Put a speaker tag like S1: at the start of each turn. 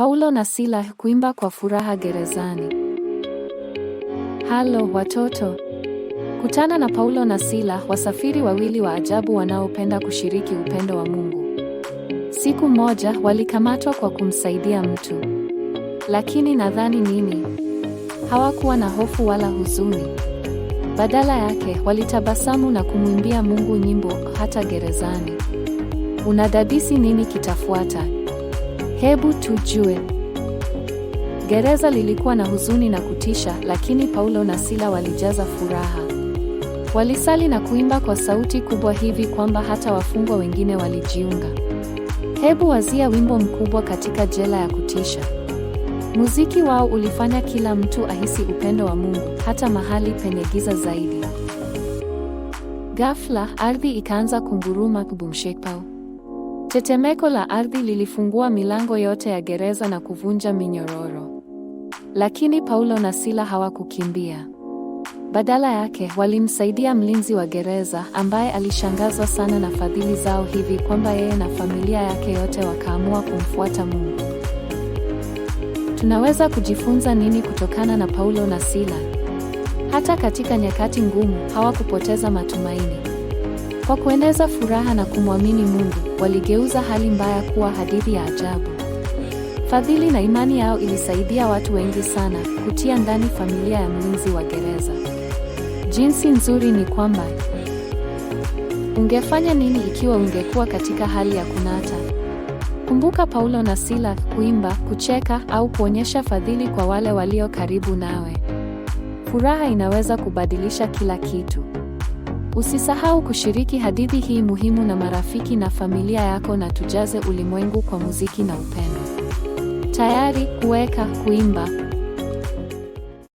S1: Paulo na Sila kuimba kwa furaha gerezani. Halo watoto. Kutana na Paulo na Sila, wasafiri wawili wa ajabu wanaopenda kushiriki upendo wa Mungu. Siku moja walikamatwa kwa kumsaidia mtu. Lakini nadhani nini? Hawakuwa na hofu wala huzuni. Badala yake, walitabasamu na kumwimbia Mungu nyimbo hata gerezani. Unadadisi nini kitafuata? Hebu tujue. Gereza lilikuwa na huzuni na kutisha, lakini Paulo na Sila walijaza furaha. Walisali na kuimba kwa sauti kubwa hivi kwamba hata wafungwa wengine walijiunga. Hebu wazia wimbo mkubwa katika jela ya kutisha. Muziki wao ulifanya kila mtu ahisi upendo wa Mungu hata mahali penye giza zaidi. Ghafla ardhi ikaanza kunguruma kubumshekpau. Tetemeko la ardhi lilifungua milango yote ya gereza na kuvunja minyororo. Lakini Paulo na Sila hawakukimbia. Badala yake, walimsaidia mlinzi wa gereza ambaye alishangazwa sana na fadhili zao hivi kwamba yeye na familia yake yote wakaamua kumfuata Mungu. Tunaweza kujifunza nini kutokana na Paulo na Sila? Hata katika nyakati ngumu, hawakupoteza matumaini. Kwa kueneza furaha na kumwamini Mungu, waligeuza hali mbaya kuwa hadithi ya ajabu. Fadhili na imani yao ilisaidia watu wengi sana kutia ndani familia ya mlinzi wa gereza. Jinsi nzuri ni kwamba ungefanya nini ikiwa ungekuwa katika hali ya kunata? Kumbuka Paulo na Sila kuimba, kucheka au kuonyesha fadhili kwa wale walio karibu nawe. Furaha inaweza kubadilisha kila kitu. Usisahau kushiriki hadithi hii muhimu na marafiki na familia yako na tujaze ulimwengu kwa muziki na upendo. Tayari kuweka kuimba.